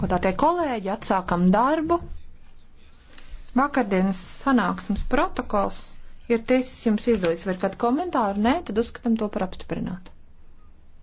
Godātie kolēģi, atsākam darbu. Vakardienas sanāksmes protokols ir ticis jums izdalīts. Vai ir kādi komentāri? Nē, tad uzskatām to par apstiprinātu.